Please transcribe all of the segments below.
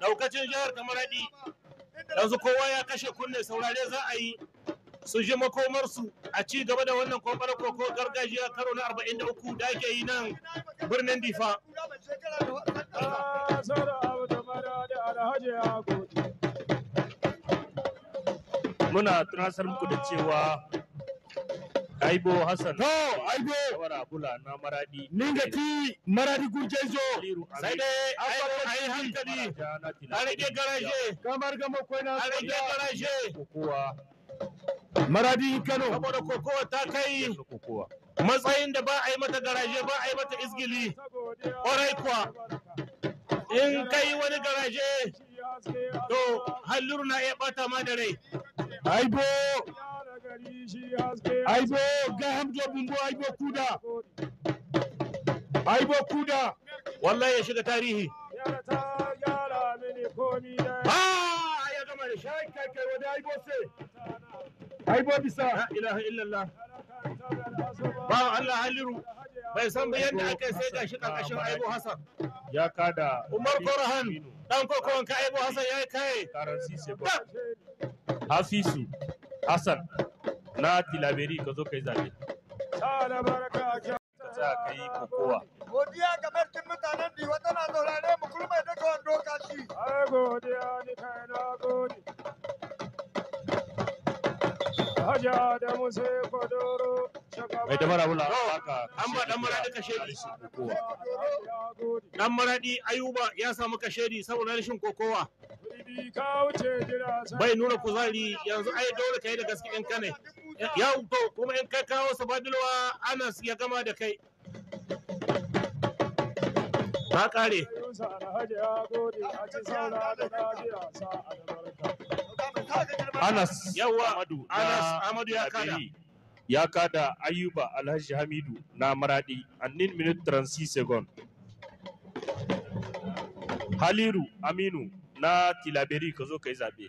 daukacin jihar ta maradi yanzu kowa ya kashe kunne saurare za a yi su ji makomarsu a ci gaba da wannan kokar koko gargajiya karo na 43 da ake yi nan birnin difa muna tunasar muku da cewa aibo hassan to aibo wara Abula na maradi ninga ti maradi gurje zo sai dai aibo yi hankali arege garaje kamar gamo koi na arege garaje kokowa maradi kano saboda kokowa ta kai matsayin da ba a yi mata garaje ba a yi mata isgili ƙwarai kuwa in kai wani garaje to halluru na iya bata ma da rai aibo aibo gahamdo bumbo aibo kuda aibo kuda wallahi ya shiga tarihi ah, ya gama da shayi kai kai wada aibo bisa ilaha illallah ba Allah haliru bai san ba yadda aka sai da shi karkashin aibo Hassan. ya kada umar korhan dan kokon ka aibo hasan ya kai karan sise ba hafisu na tilaberi ka zo ka yi zaɓe. Ka tsaya ka yi kokowa. Godiya ga barkin mutanen Diwa tana saurare mu kuma kurmai daga wando shi. Ai godiya ni kai na gode. Haja da Musa Kwadoro. Mai da marabula haka. An ba dan maradi kashedi. Dan maradi Ayuba ya samu kashedi saboda rashin kokowa. Bai nuna kuzari yanzu ai dole ka yi da gaske ɗin ka ne. yau to kuma in ka kawo sabadulwa anas ya gama da kai ta kare anas yawa anas amadu ya kada ya kada ayuba alhaji hamidu na maradi annin minute 36 segon. haliru aminu na tilaberi ka zo ka yi zaɓe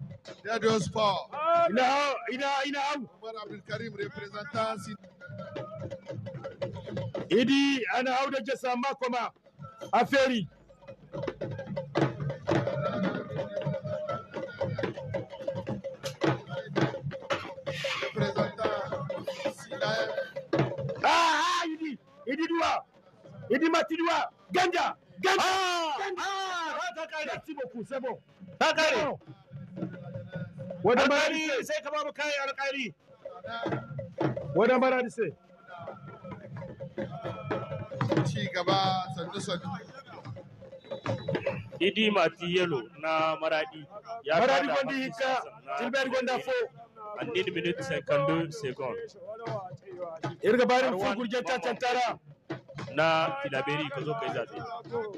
Radio Sport. Ina hau, ina ina hau. Umar Abdulkarim representant Idi ana hau da jasa makoma a feri. Ah, ah, Idi, duwa, Idi mati duwa, ganja, ganja, ah, ganja. Ah, What about it? Say Alkali. What about it? Ci gaba sandu sandu. Idi Mati Yellow na Maradi. Ya Maradi Gondi Hika, Gilbert Gonda Fo. And need minute second second. Irga barin Fo Gurjata ka Na ka Kazo Kaizate.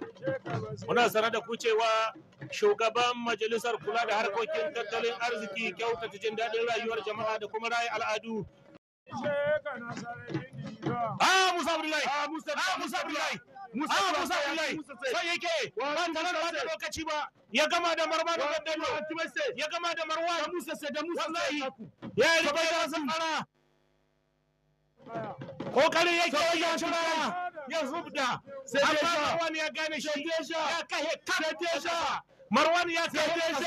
Muna sanar da ku cewa shugaban majalisar kula da harkokin tattalin arziki kyautata jin daɗin rayuwar jama'a da kuma raye al'adu. Ah Musa Abdullahi! Ah Musa ah, ah, Abdullahi! Musa Abdullahi! Sai yake ba tare da lokaci ba ya gama da marma da gaddalo ya gama da marwa da Musa sai da Musa Wallahi ya yi riba ya san ara. Kokarin yake yi ya shi rana. ya da marwan ya gane shi ya kahe marwan ya kahe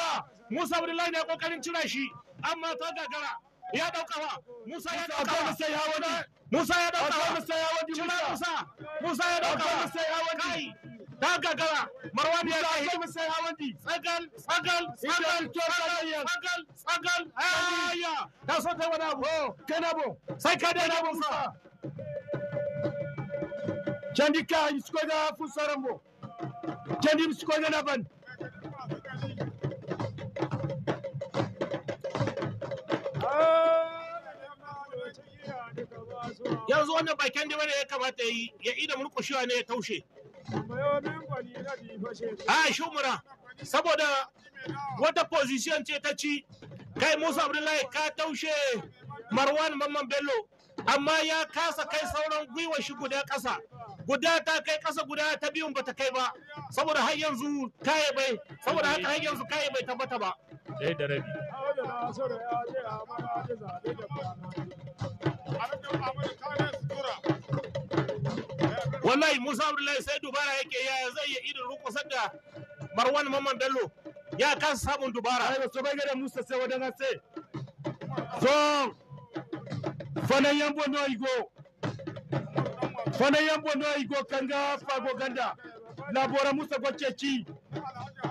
musa abdullahi na kokarin cira shi amma ta gagara ya daukawa musa ya daukawa musa ya wani musa ya daukawa musa ya wani musa musa ya ya wani ta gagara marwan ya kahe musa ya wani tsagal tsagal tsagal tsagal tsagal aya ta so ta oh, kai na bo sai ka na bo Jandika msikoda fusarambo. Jandi na naban. Yanzu wannan bakin da ya kamata yi ya ida murkushewa ne ya taushe. A shumura saboda wata position ce ta ci kai Musa Abdullahi ka taushe Marwan Mamman Bello amma ya kasa kai sauran gwiwa shi guda ƙasa. guda ta kai ƙasa guda ta biyun bata kai ba saboda har yanzu kaye bai saboda haka har yanzu kaye bai tabbata ba ɗaya da rabi wallahi musa abdullahi sai dubara yake ya zai iya irin rukusar da marwan mamman bello ya kan samun dubara ai so bai da musa sai wadana sai so fanan yambo no igo fana yambo no igo kanga fago ganda labora musa gwaceci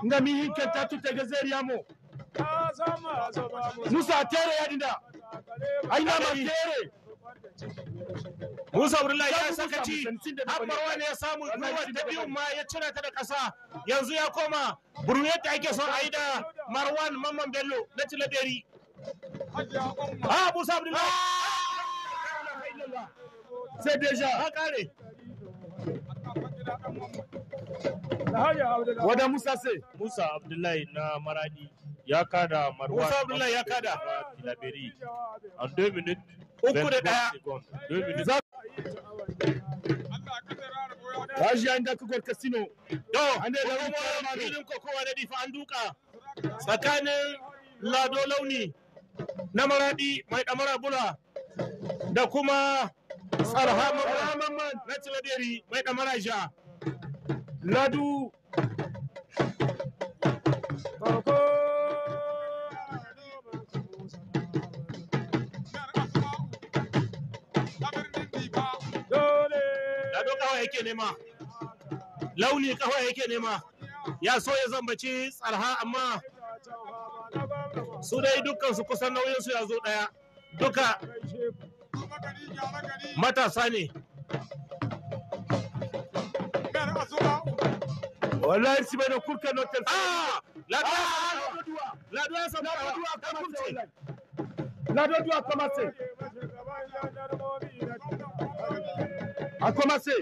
nga mihin kenta tutege zeriyamo musa tere yadinda aina ma tere Musa Abdullahi ya sakaci Abbarwa wani ya samu Marwan ta biyun ma ya cire ta da ƙasa yanzu ya koma Buruyet ake son a yi da Marwan Mamman Bello na Tilaberi. Ah Musa Abdullahi. sai deja ha kare wadda musa sai musa abdullahi na maradi ya kada marwan musa abdullahi ya kada tilaberi a 2 minutes uku da daya 2 minutes Tashi an daka gwar kasino. Do, an da yadda kuma filin kokowa da difa an duka tsakanin lado launi na maradi mai damara bula da kuma mai Ladu. yake nema launi kafa yake nema ya so ya zambaci tsarha amma su dai dukkan su kusan nauyinsu ya zo daya duka matasa ne wallahi si bane kurka notel ah la do la do sa la do ka kurti la do a kamase a commencé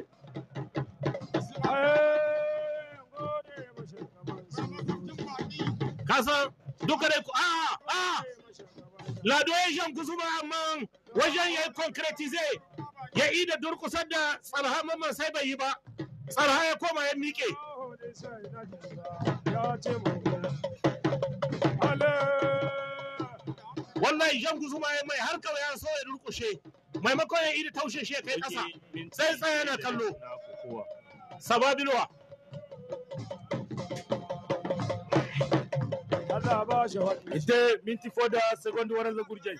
kasa duka dai ku ah ah la do yan kusuma amman wajen ya yi concretize ya yi da durkusar da tsarha mamman sai bai yi ba tsarha ya koma ya miƙe wallahi jan guzuma ya mai har kawai ya so ya durkushe maimakon ya yi da taushe shi ya kai kasa sai tsaya na kallo sababilwa Allah ba shi minti foda second waran zagurjai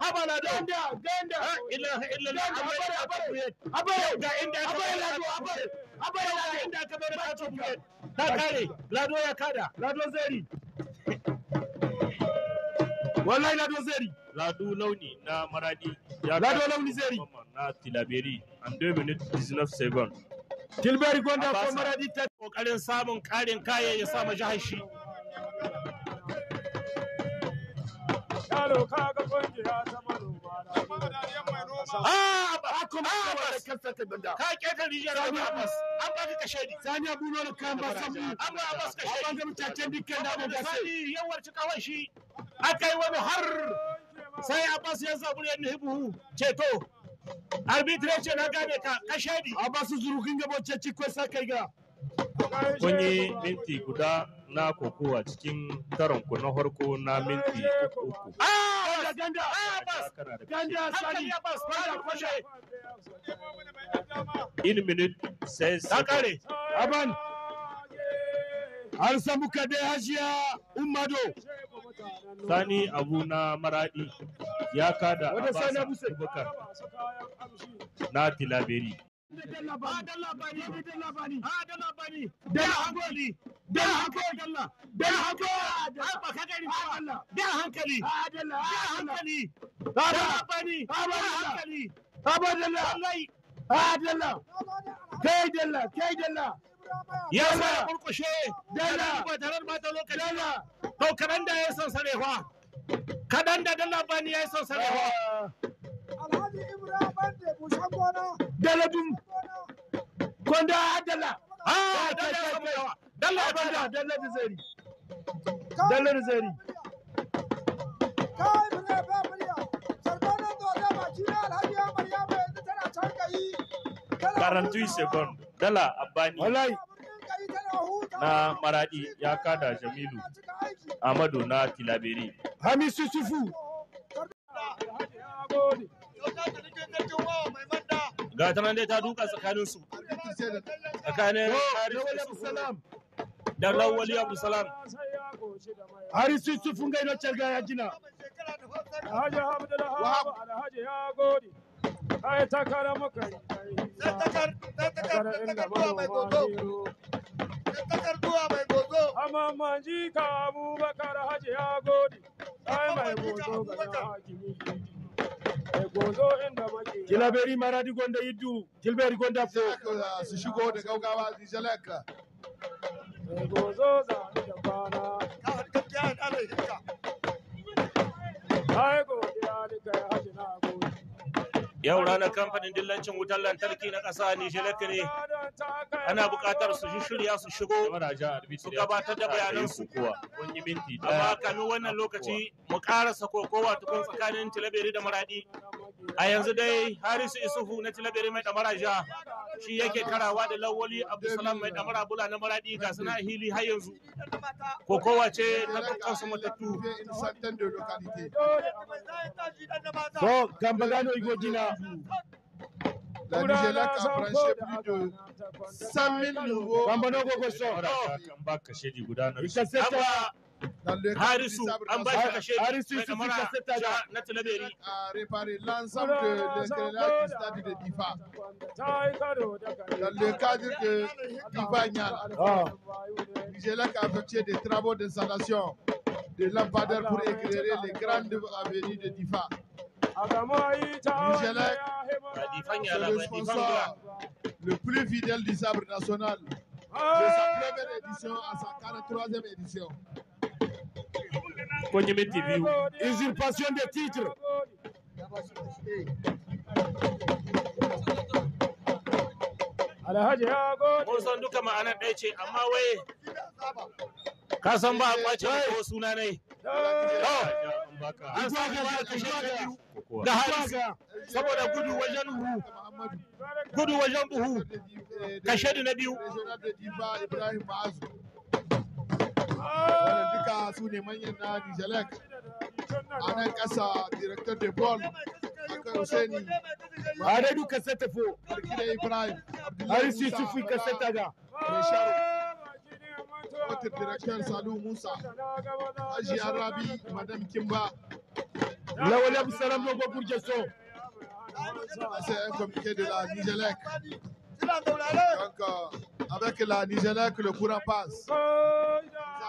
habala da ganda ganda ilaha illallah abare abare abare ga inda ka abare lado abare abare ga inda ka bar ka to biyar ta kare lado ya kada lado zeri wallahi lado zeri lado launi na maradi ya lado launi zeri na tilaberi and 2 minutes 19 second tilberi gonda ko maradi ta kokarin samun karin kaye ya sa jihar shi Kalo kaga kungiya ta manoma da A ah, ah, ah, wani har sai Abbas ya zabu ya nuhibu ceto. Arbitrage na gane ka kashe ni. Abbas zurukin gabacin cikin sa kai ga. kunyi minti guda na kokowa cikin karon ku na harko na minti uku. In minute sai sakare. Aban. Har samu kade hajiya Umado Sani Abu na Maradi ya kada Abbas Abubakar na Tilaberi. Dalla bani. Dalla bani. hankali. hankali. hankali. hankali. hankali. hankali. Ya sa son sarewa. Dalabin Kwanda Adala. Ah, Dalla Adala. da, Nizari. Dalla Nizari. Kai mure tana can gayi. 41 second. Dalla Abbani. Na Maradi ya kada Jamilu Amadu na Tilaberi. Hamisu Sufu. ga ta nan dai ta duka tsakanin oh, su tsakanin da lawali abdulsalam harisu sufun gaino carga ya gina alhaji hamdu da alhaji ya gode ai takara maka amma manji ka abubakar haji ya gode ai mai gozo ga hakimi Gilaberi maradi gonda iddu Gilberi gonda fo su shigo da gaugawa Zijalaka Gozo za ni da bana ka ka kyan alai ka Ai godiya ni kai hajina yau ranar kamfanin dillancin wutar lantarki na ƙasa nijelek ne ana buƙatar su shirya su shigo su gabatar da bayanansu amma kamin wannan lokaci mu ƙarasa kokowa tukun tsakanin tilaberi da maradi a yanzu dai harisu isuhu na tilabiri mai da maraja shi yake karawa da lawali salam mai damara bula na maradi ga suna hili har yanzu ko kowace na dukkan su matattu to gambagano igogina Nigeria can branche plus de 100 000 nouveaux. Bambano na Voilà, Kamba Kashedi Goudana. dans le cadre de kashe ne A réparer l'ensemble de l'escalade du stade de Difa. Dans le cadre de Difa Nial, a effectué des travaux d'installation de lampadaires pour éclairer les grandes avenues de Difa. Nigelec le le plus fidèle du sabre national de sa première édition à sa 43e édition. Cognemente viu. Usurpação de título. Alhaji ya gode. Mun san duka ma'anar ɗaya ce, amma wai ka san ba a kwace ko suna ne. An sa ka da haris saboda gudu wajen buhu. Gudu wajen buhu. Kashe na biyu. da su ne manyan na Nijalek de Ball Bakar Hussaini Aradu Kaseta Fo Arkida Ibrahim Arisi Sufi Kaseta da Bashar Director Musa Aji Arabi Madame Kimba Lawal Absalam Logo Bourgesso C'est un comité de la Nijalek Donc euh, avec la Nijalek le courant passe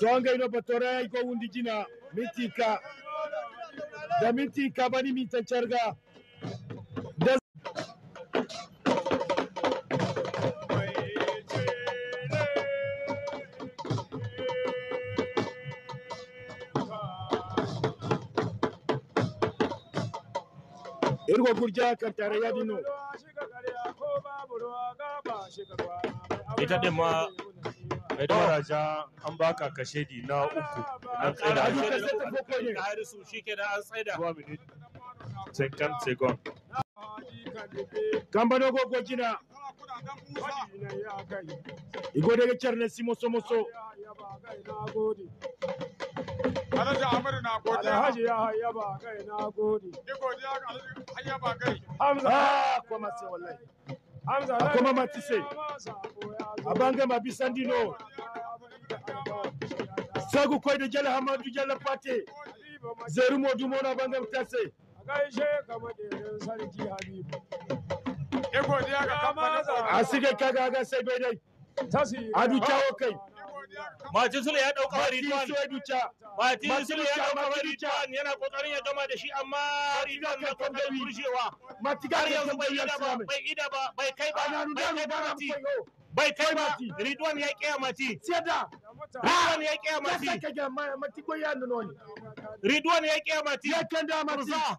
songa ino batorai ko wundi jina mitika da mitika bani mitan carga shigo kurja kartare ya dino ita din ma mai Raja an baka kashe di na uku an tsaida harisu shi ke da an tsaida tekan tegon kamba jina igode ga charne simo somo so Alhaji Amadu na gode. Alhaji ya hayya ba kai na gode. Ni godiya ga Alhaji hayya ba kai. Hamza. Ah, kuma sai wallahi. Hamza. Ah, kuma eh, dino. Sagu koi da jala hamadu jala pate. Zeru modu mona banga mutase. Gaishe kama da sarki Habibu. godiya ga kamfanin. Asige kaga ga sai bai dai. Adu chawo ah, kai. Ah, Martin Sule ya dauka wa Ridwan. Martin Sule ya dauka wa Ridwan yana kokarin ya gama da shi amma Ridwan na kokarin burshewa. Har yanzu bai ida ba bai ida ba bai kai ba oh. bai kai ba mati. bai kai ba Ridwan ya mati. Seda. Ridwan ya kiyamati. Ya saka mati ko ya nuna ni. Ridwan ya mati. Ya kanda mati. Turza.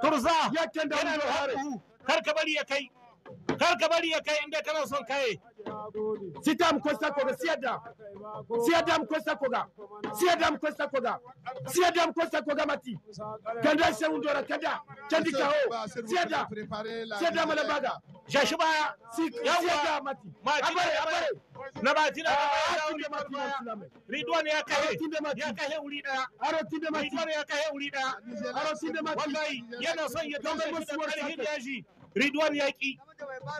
Turza. Ya kanda mati. Kar ka bari ya kai. Kar ka bari ya kai inda kana son kai. Sita koga, koga. koga. koga mati. Kanda kanda. Siyada. Siyada Jashi baya. Siyada mati. Abare abare. Na ba jina ba ya Ridwan ya kahe. Ya kahe Aro tinde mati. Ridwan ya kahe Aro tinde mati. Wallahi yana son ya tambaye shi da yaji. Ridwan ya ki.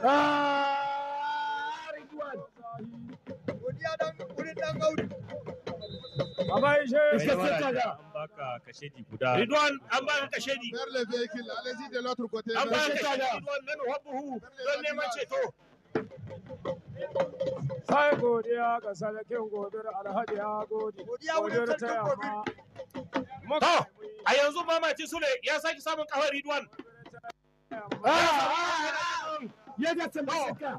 Ah Godiya An baka guda. Ridwan an ba ka Ridwan don neman ceto. Sai godiya ga sadakin Alhaji ya gode. Godiya To a yanzu mamaci Sule ya sake samun kawai Ridwan. Ah, ah, ah, ya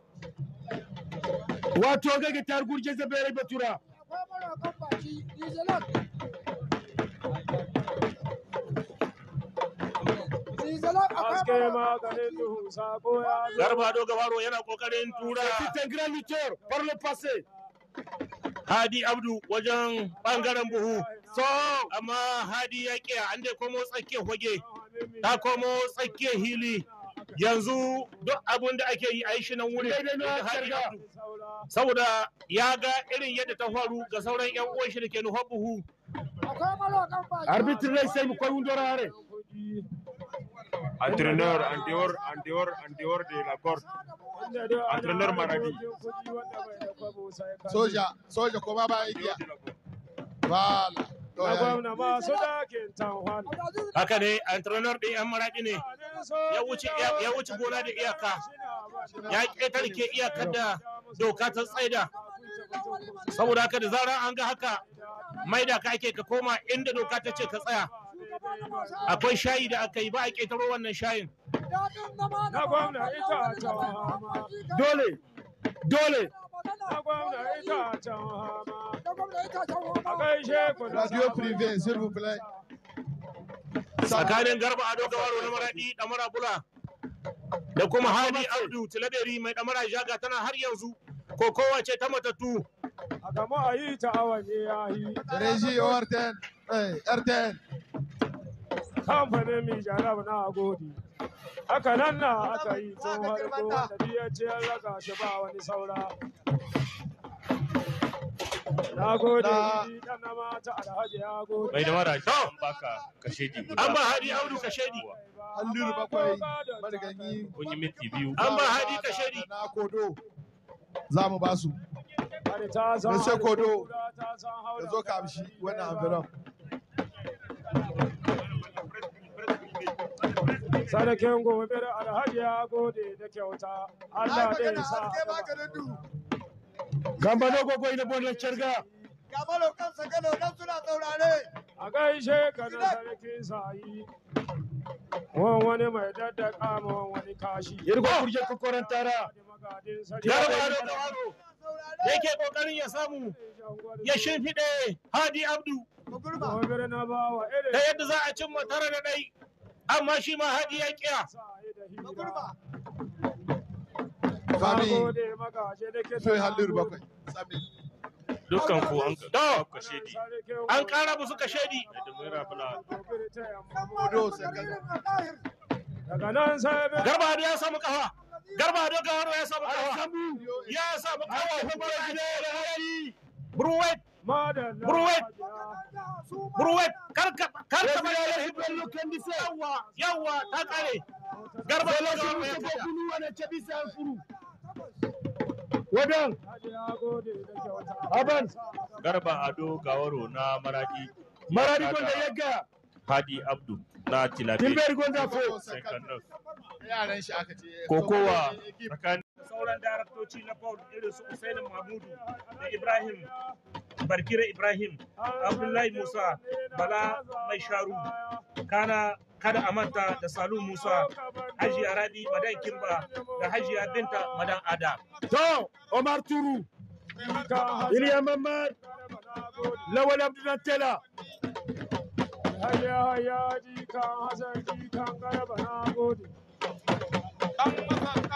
wato gaga tar gurje zabere batura Garba do Gabaro yana kokarin tura. Titan Granitor par passé. Hadi Abdu wajen bangaren buhu. So amma Hadi yaƙe, kiya an dai komo tsakiyar hoge. Ta komo tsakiyar hili. yanzu duk abin da ake yi a yi shi nan wurin saboda ya ga irin yadda ta faru ga sauran yan uwan shi da ke nufa buhu arbitrin rai sai mukwai koyi rare hare entraîneur en dehors en dehors en dehors de la cour entraîneur maradi soja soja ko ba ba igiya voilà gwamna ba su Haka ne, entrepreneur ɗin 'yan maraɗi ne, ya wuce gona da iyaka, ya ƙetare ke iyakar da doka ta tsaida. Saboda haka da zarar an ga haka, maida ka ake ka koma inda doka ta ce ka tsaya. Akwai shayi da aka yi ba a ƙetaro wannan shayin. Na gwamna ita Dole, dole, Radio privé, s'il vous plaît. Tsakanin Garba Ado Gawaro na Maraɗi ɗamara Bula da kuma Hadi Abdu Tiladeri mai ɗamara Jaga tana har yanzu ko kowace ta matattu. A gama a yi ta ne ya yi. Reji Kamfanin mi na gode. haka nan na aka yi tun harko wanda ya ce an raka shi ba wani saura na gode dan na mata alhaji ya gode bai da mara to an ba hadi bakwai kun yi biyu an ba hadi na kodo za mu ba su kodo wannan amfiran. sadakin gobe da alhaji ya gode da kyauta Allah da ya sa gamba dogo ko ina bonan kirga gamba lo kansa gano dan suna saurare a gaishe ka na sarki sayi wan wani mai daddaka ma wani kashi yirgo kurje kokoran tara yaro da waro da yake kokarin ya samu ya shimfiɗe hadi abdu da yadda za a cimma tara da ɗai amma shi ma haɗi ya kiya. Sami, sai bakwai. Dukkan ku an kawo kashedi. An ƙara musu kashedi. Daga nan Garba ya samu kafa. Garba da ya samu kafa. Ya samu kafa. Ruwet. Burwet, Burwet, karka karka ba ya rahi bello Yawa, yawa, ta kare. Garba ya zo ya fita. Kulu wane ce bisa ya furu. Wadan. Aban. Garba Ado Gawaro na Maradi. Maradi Gonda Yagga. Hadi Abdu na Tilabe. Tilberi Gonda Fo. Yaran shi aka ce. Eh, Kokowa eh, sauran daraktoci na Paul irisu su Usaini Mahmudu da Ibrahim barkira ibrahim abdullahi musa bala mai sharu kana kada a manta da salu musa haji arabi madan kimba da haji binta madan ada to omar turu iliya mamad lawal abdullahi tela haya jikan hasan jikan garba na gode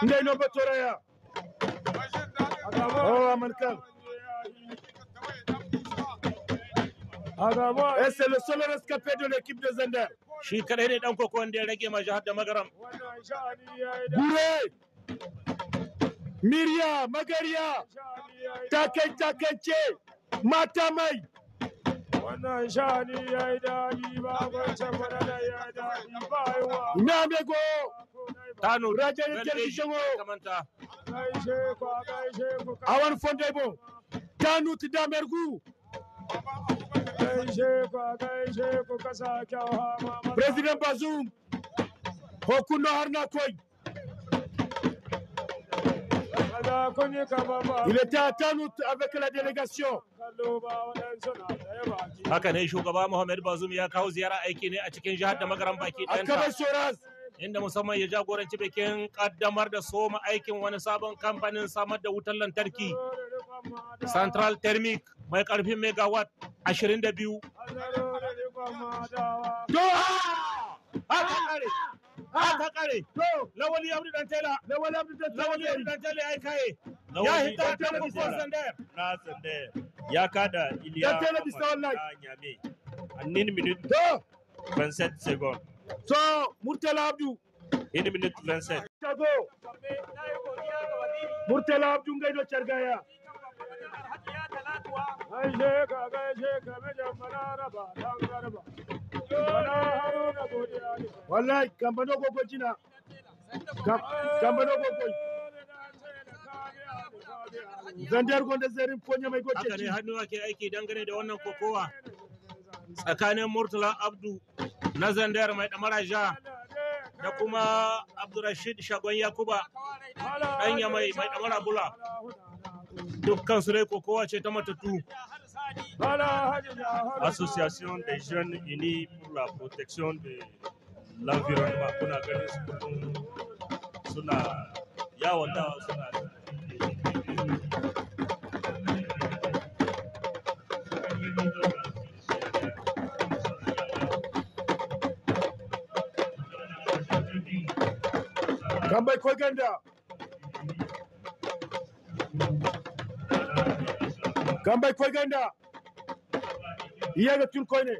ndai no batoraya Oh, Et c'est le seul rescapé de l'équipe de Zender. Shi kadai ne dan koko wanda ya rage ma jihar da magaram. Gure! Magariya, takai takance, mata mai. Wannan shani ya yi daɗi ba da ya daɗi ba Na mego! Tano, Rajen Jirgin Shingo. Danutu Damergu. President Bazoum, Hokuno Harnakoy. Il était à Tanout avec la délégation. Haka ne shugaba Mohamed Bazoum ya kawo ziyara aiki ne a cikin jihar da magaran baki ɗanta. Inda musamman ya jagoranci bikin kaddamar da soma aikin wani sabon kamfanin samar da wutar lantarki. Central Thermic mai ƙarfin megawatt 22. Haka kare, lawali ya dan tela, lawali Abdu dan tela ya kaye, ya hita ta kufuwar sandayar. Na sandayar, ya kada Iliya Nyame, annin minute 27 second. So, Murtala Abdu. In minute 27. Murtala Abdu Ngaido Chargaya. Gaishe Wallahi gwanda zarin mai ne hannu ake aiki dangane da wannan kokowa. Tsakanin Murtala Abdu na Zandiyar mai damara ja da kuma Abdurrashid Shagon Yakuba ɗanya mai damara bula. dukkan su dai kokowa ce ta matatu association des jeunes unis pour la protection de l'environnement kuna ganin su kullum suna yawon dawa suna Kambai Koganda. Gambay Koiganda. Yega Tulkoyne.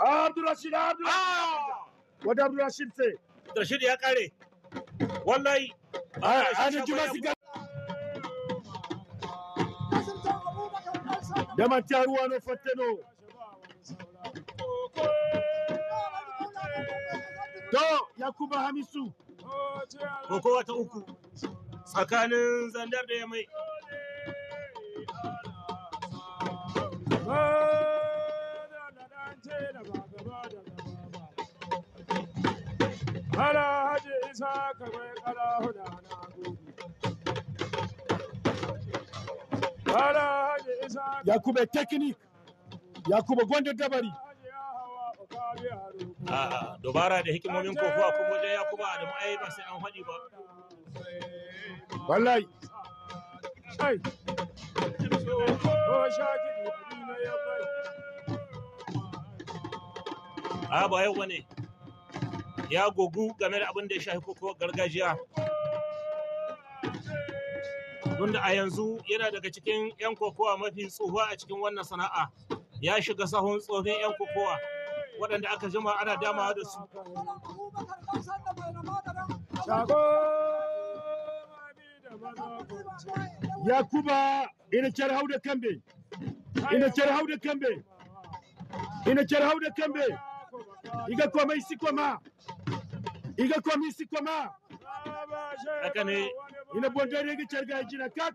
Abdurrashid Abdurrashid. Ah! Wada Abdurrashid sai. Abdurrashid ya kare. Wallahi. Ah, Ana juma ruwa no To Yakuba Hamisu. Kokowa ta uku. tsakanin zandar da ya mai Ala haji isa kamar kala huda na dabari. dubara da hikimomin kokowa kuma wajen Yakuba da ma'ai ba sai an haɗi ba. wallahi ai ba yau bane ya gogu game da abin da ya shafi koko gargajiya tunda a yanzu yana daga cikin 'yan kokowa mafi tsohuwa a cikin wannan sana'a ya shiga sahun tsohon 'yan kokowa waɗanda aka jima ana damawa da su Shago! yakuba ina char hauda kambe ina char hauda kambe ina char hauda kambe iga kwama isi kwama iga kwama isi kwama akane ina bondari iga char ga jina kat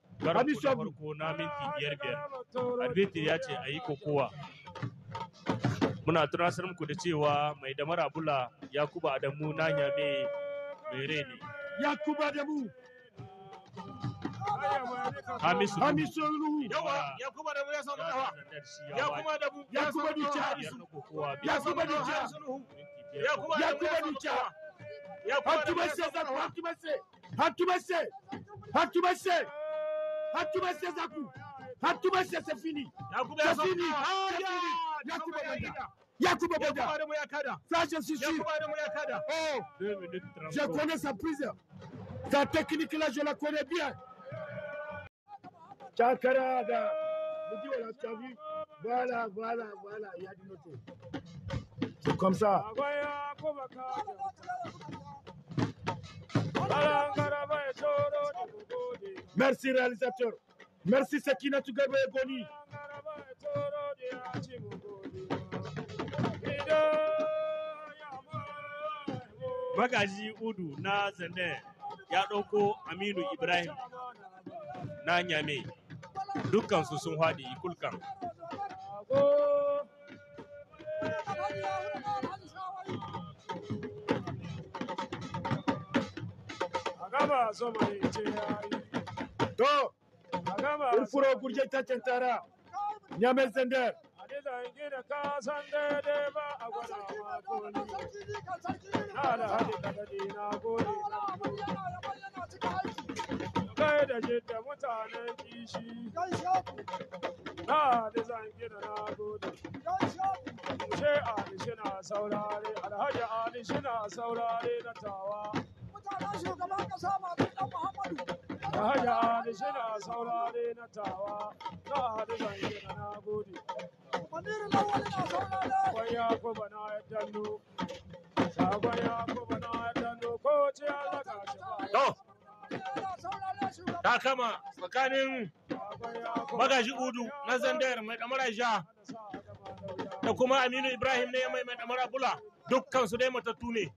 Karabu na farko na minti ah, biyar biyar. Arbitri ya ce a yi kokowa. Muna tunasar muku da cewa mai damara bula Yakuba Adamu na nyame mai rai ne. Yakuba Adamu. Hamisu Hamisu Nuhu. Yawa Yakuba Adamu ya samu dawa. Yakuba Adamu Yakuba Ducha Hamisu. Yakuba Ducha Hamisu. Yakuba Ducha. Yakuba Ducha. Hatubase Hatubase Hatubase Hatubase. hatumecheza ku c'est fini yakuba fini yakuba banda Yakuba Banda. Ça, je suis sûr. Oh, je connais sa prise. Sa technique là, je la connais bien. Chakarada. là, tu as vu Voilà, voilà, voilà. Il y a du noté. C'est comme ça. Ah, ah, Merci réalisateur. Merci Sekina Tugabo Egoni. Bagaji Udu na Zane ya ɗauko Aminu Ibrahim na Nyame. Dukkansu sun haɗi ikulkan. to in furo gurje ta tara nyamel zandar kai da yadda mutanen kishi na da zangi da na gode ce ali shi na saurare alhaji ali shi na saurare na tawa Haya da shida saurare na tawa hadu zan na na Kwan ya kuma na ya Sabon ya kuma na ya ko ce ya zaka shi ba. Ta kama tsakanin magaji udu na zandayar mai da kuma aminu ibrahim ne mai mai bula dukkan dai matattu ne.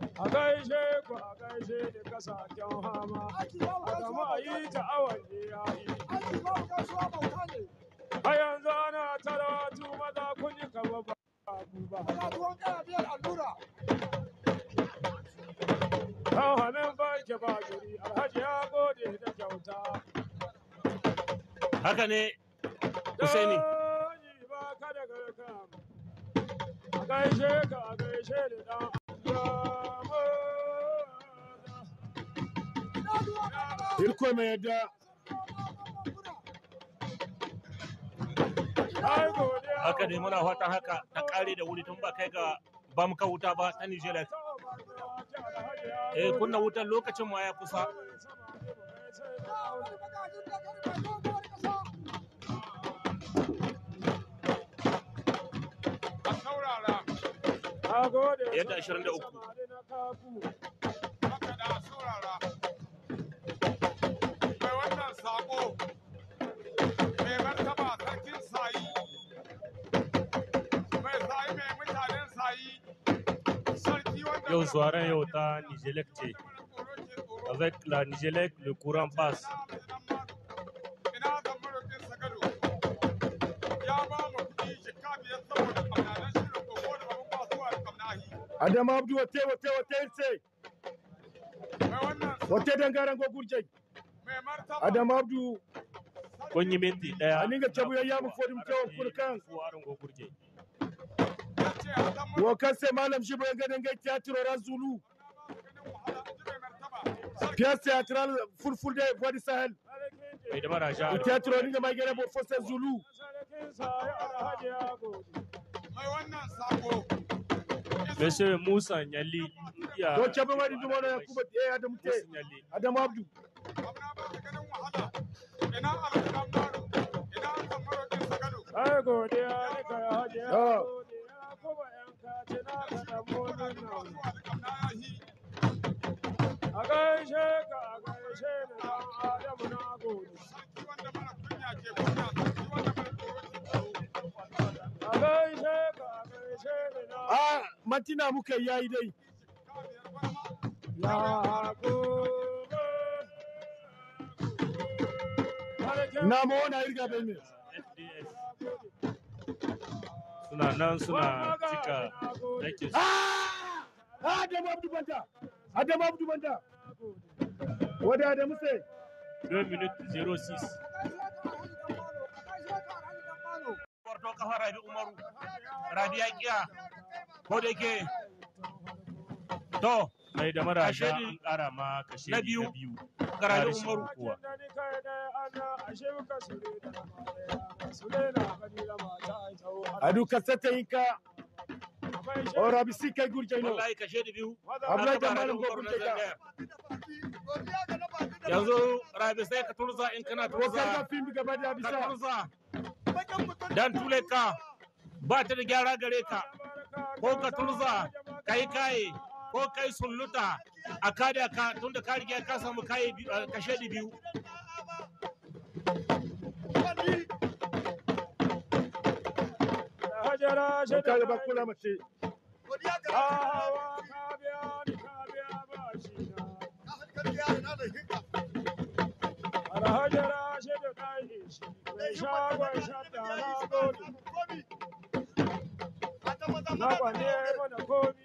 a gaishe ku a gaishe da kasashen hama a gama yi ta awon iyayi a yanzu ana talatu maza kun yi kama ba Kan hannun banki ba guri alhaji ya gode da kyauta. Haka ne, Husaini. Dani ba ka daga kan, a gaishe ka a gaishe da ɗan Bilko mai yadda. Haka ne muna fatan haka ta kare da wuri tun ba kai ga bamka wuta ba ta Nijelat. Eh kunna wutar lokacin ma ya kusa. Yadda 23. sako mai martaba sarkin sayi mai sayi mai mutanen sayi sarki wanda yau yau ta nijelek ce avec la nijelek le courant passe Abdu dangaren Adam Abdu. Kun yi minti ɗaya. Aninga cabu ya yamu fodin tawon kurkan. Wokan sai malam shi bayan ganin gai tiyatiro ran Zulu. Piyas tiyatiral fulful da Wadi Sahel. Mai ninga mai gane bofosan Zulu. Mai Musa Nyalli. Don cabu ma di ya kuma Adamu Te. Abdu. Ai godiya nika ya godiya kuma ‘yan katina da dabbobin nan. A gaishe ka a gaishe na ɗan Adamu na gode. A gaishe a muka yayi dai. Ya namona irga bai me suna nan suna cika dake ah! Adamu Abdu Banta Adamu Abdu Banta Wada Adamu sai 2 minutes 06 Kwarto kafa Rabi Umaru Rabi ya kiya ko da to mai da maraja an kara ma kashe na biyu ga rayuwar umaru kuwa a sata kasata ka ora bi si kai gurje no wallahi kashe da biyu abdullahi da malam ko gurje ka yanzu rabi sai ka turza in kana turza ka turza dan tule ka ba ta da gyara gare ka ko ka turza kai kai ko kai sun luta a kada ka tunda ka riga ka samu kai kashe da biyu hajara shi kai shi, shata na Na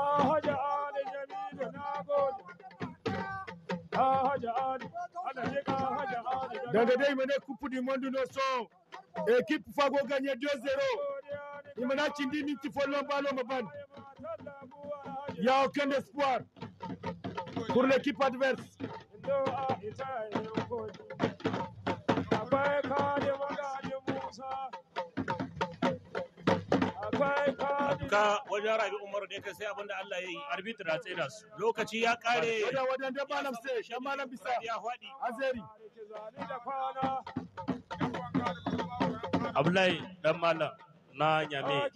haja ali jamilu na gode ah haja no equipe fago gagne 2-0 imana chindi minti folon balo maban il n'y a aucun espoir pour l'équipe adverse. En tout cas, ɗaya ka sai abin da Allah ya yi arbitra tsaye da su lokaci ya kare wajen wajen da malam sai shan malam bisa ya faɗi azeri Abdullahi dan malam na Nyame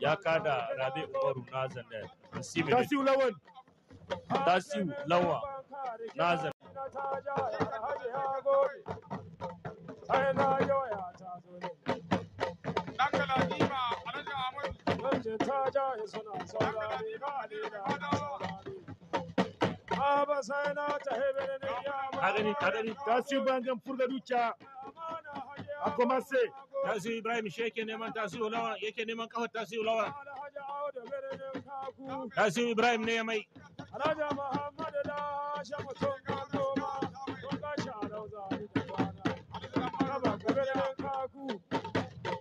ya kada Rabi Umaru na Zandar Tasiu Lawan Tasiu Lawa na Zandar ce ta jaye suna saurare ga alida Baba na ta hebere A Tasiri Ibrahim shi yake neman tasiri lawan, yake neman kafa tasiri lawan. Tasiri Ibrahim ne ya mai. Alhaji da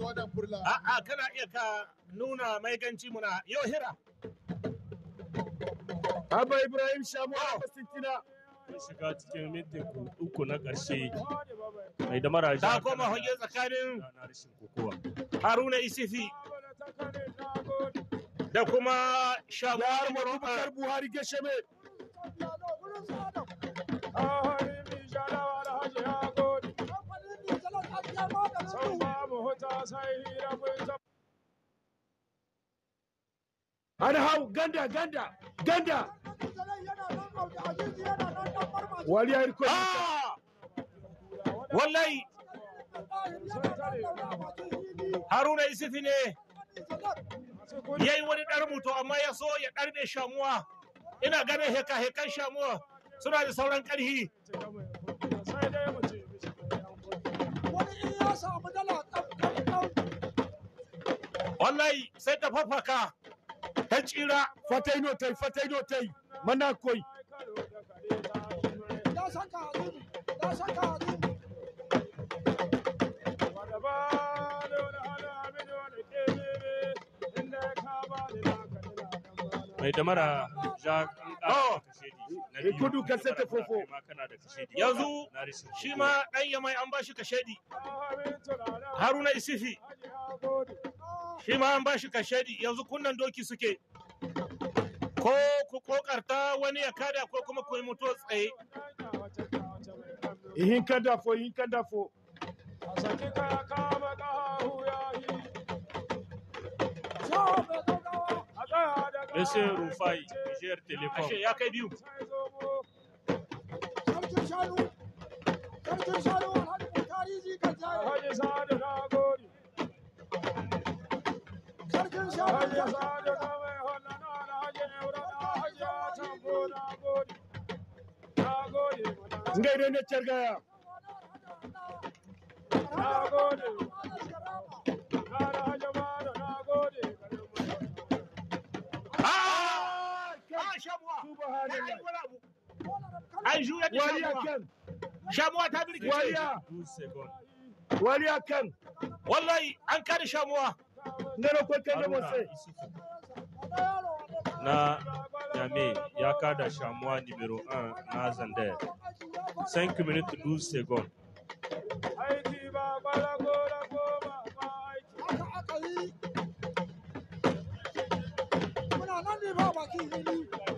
A'a kana iya ka nuna maiganci muna yo hira. Abba Ibrahim Shamu a Sintina. Ya shiga cikin mintin uku na ƙarshe mai da maraji. Ta koma hoge tsakanin Haruna Isifi. Da kuma Shamu Abubakar Buhari Gasheme. Sun An hau ganda ganda ganda. Wali ya riko. Ah! Wallahi. Haruna Isifi ne. Ya yi wani ɗar mutu amma ya so ya ɗarɗe shamuwa. Ina ganin heka-hekan shamuwa suna da sauran ƙarfi. ya samu dala wallahi sai ta fafaka ta tsira fataino tai fataino tai mana koi mai damara ja oh! kudu kan sai ta fofo yanzu shi ma ɗan yamai an bashi kashedi haruna isifi shi ma an bashi kashedi yanzu kunnan doki suke ko ku kokarta wani ya kada ko kuma ku yi mutu tsaye ihin kada fo ihin kada fo Monsieur Rufai, Niger Telecom. ya kai biyu. shanu sarkin shanu alhaji mutari ji ka jaye alhaji sa'adu na gode sarkin shanu alhaji sa'adu na mai holla na alhaji eura na alhaji atambo na gode na gode ngai ne ne cergaya na gode zai juyar da shamuwa shamuwa ta birkice waliya waliya kan wallahi an kada shamuwa na nyame ya kada shamuwa numero 1 na Zandaya 5 minutes 12 seconds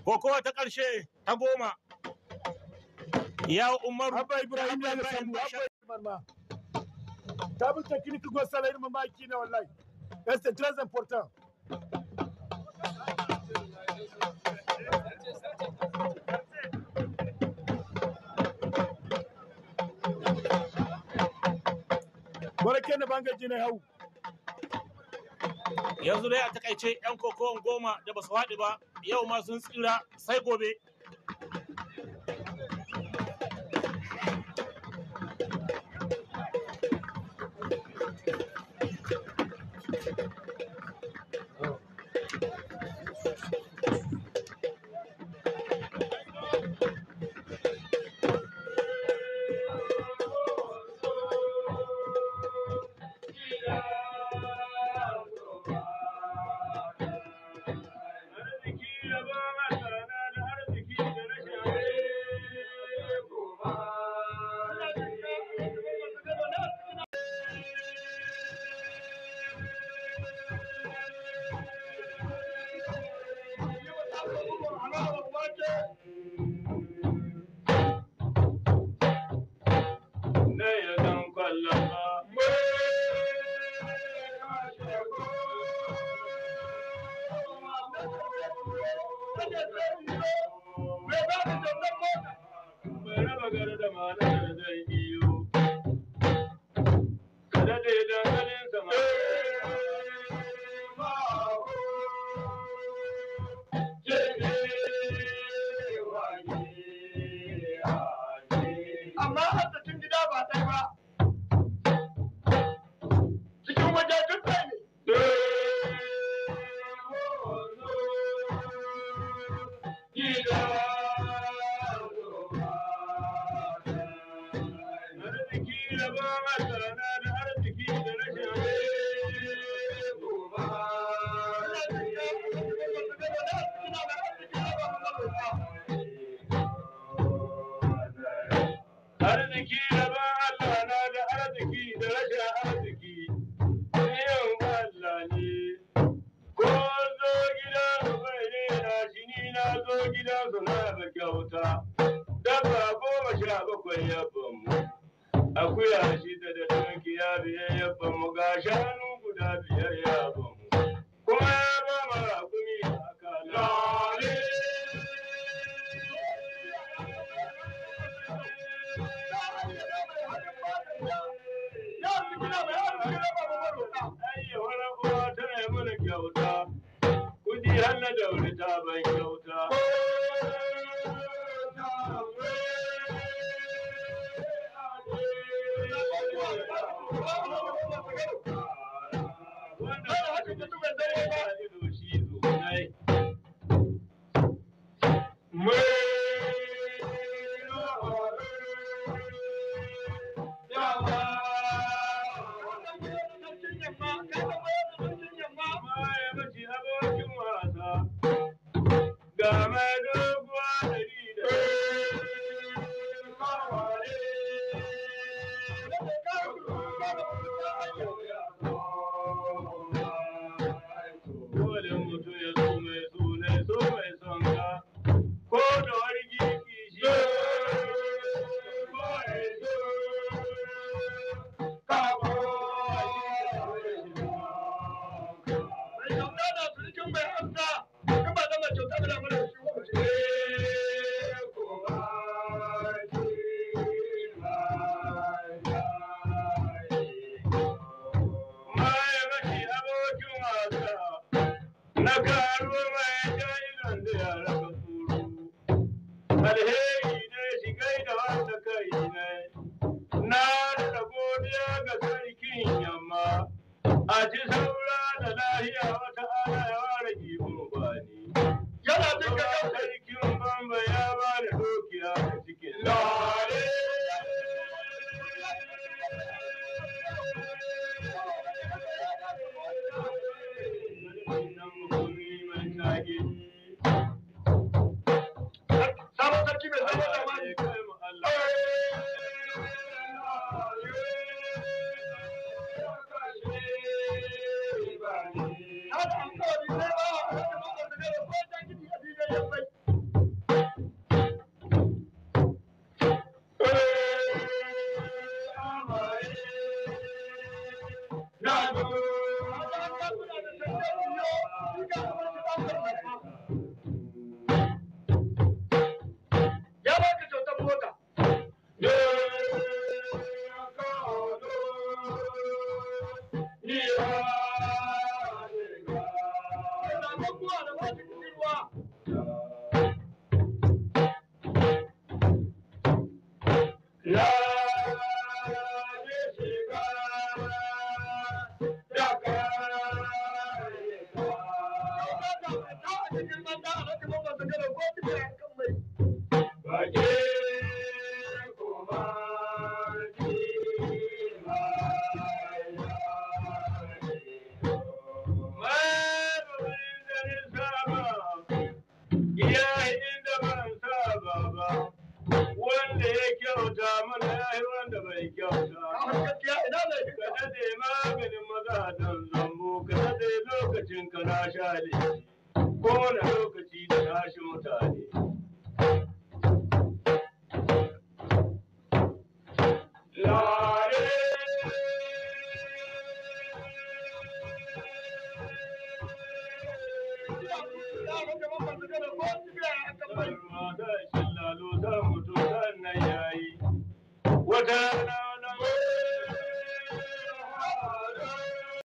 Kokowa ta ƙarshe ta goma ya umaru abba ibrahim ya samu abba marma technique go wallahi c'est très na hau yanzu dai a takaice yan kokowar goma da ba su haɗu ba yau ma sun tsira sai gobe